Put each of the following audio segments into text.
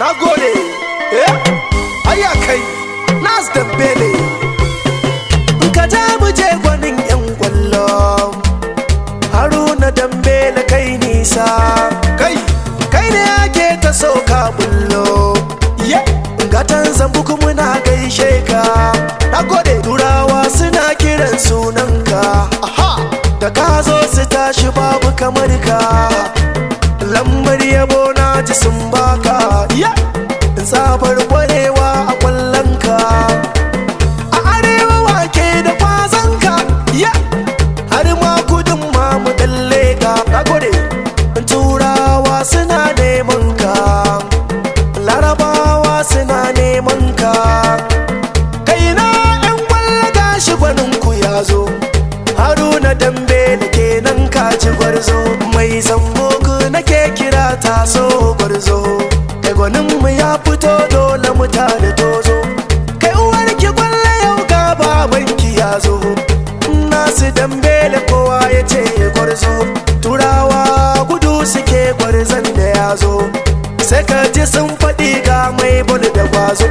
na gode eh ayya kai nas da in ka ja mu je gwanin yan kwallo haruna dambele kai nisa kai kai ne ake ta sauka bullo ye gatan zambuk muna gaishe ka na gode turawa suna kiran sunanka aha da ka zo su tashi babu kamar ka ta taso gwarzo kai gwanin mu ya fito dole mutane tozo kai uwar ki kwalle yau ga baban ki ya zo nasu dambele kowa ya ce gwarzo turawa gudu suke gwarzon da ya zo sai ka ji sun faɗi ga mai bol da gwazo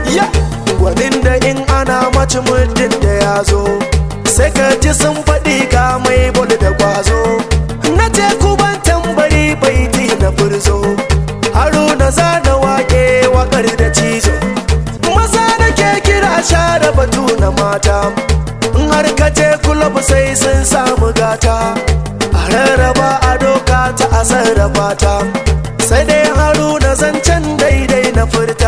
gwanin da in ana mace mutum mata in har ka je kulub sai sun samu gata a rarraba a doka ta a sarrafa ta sai dai haruna zancen daidai na furta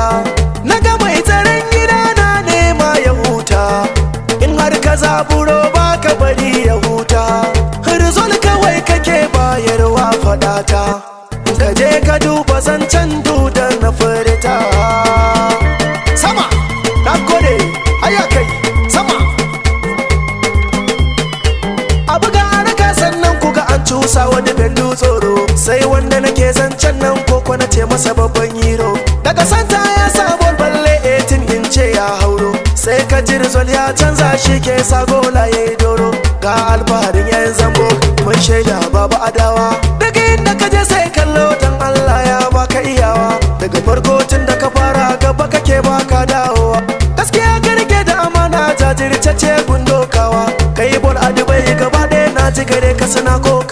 da nake zancen nan koko na ce masa babban hero daga santa ya sabo balle 18 in ce ya hauro sai ka ji result ya canza shi ke gola ya yi doro ga alfaharin yayin zambo mun shaida babu adawa daga inda ka je sai kallo dan Allah ya baka iyawa daga farko tun da ka fara gaba kake baka dawowa gaskiya ka da amana jajirce ce gundokawa kai bol adibai gaba ɗaya na ji gare ka suna ko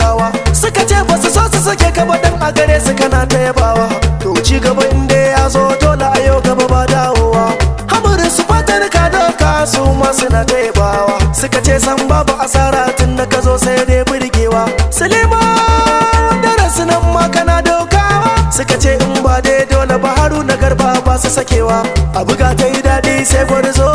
mata su masu na taibawa suka ce san babu asara tun da ka zo sai dai burgewa suleiman darasi nan kana dokawa suka ce in ba dai dole ba haru na garba ba su sakewa a buga ta yi daɗi sai gwarzo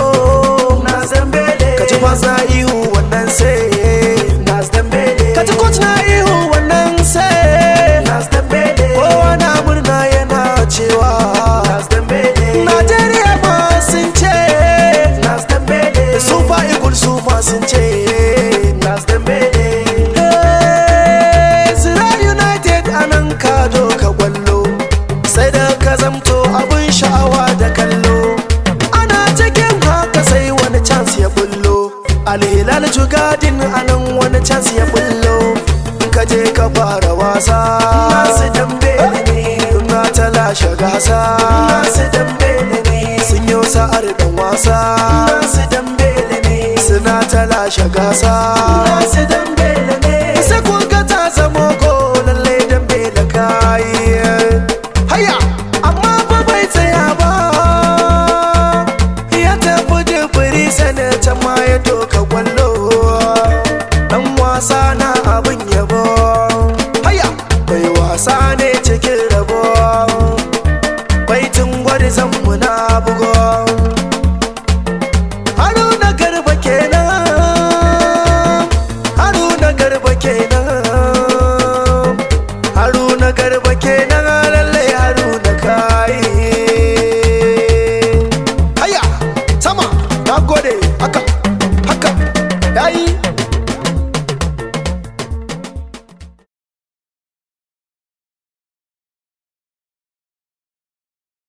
alilal jugadin anan wani chance ya bullo ka je ka fara wasa nasu dambe ne na ta lashe gasa nasu dambe ne sun yi sa'ar dan wasa nasu dambe ne suna ta lashe gasa nasu dambe ne ayi.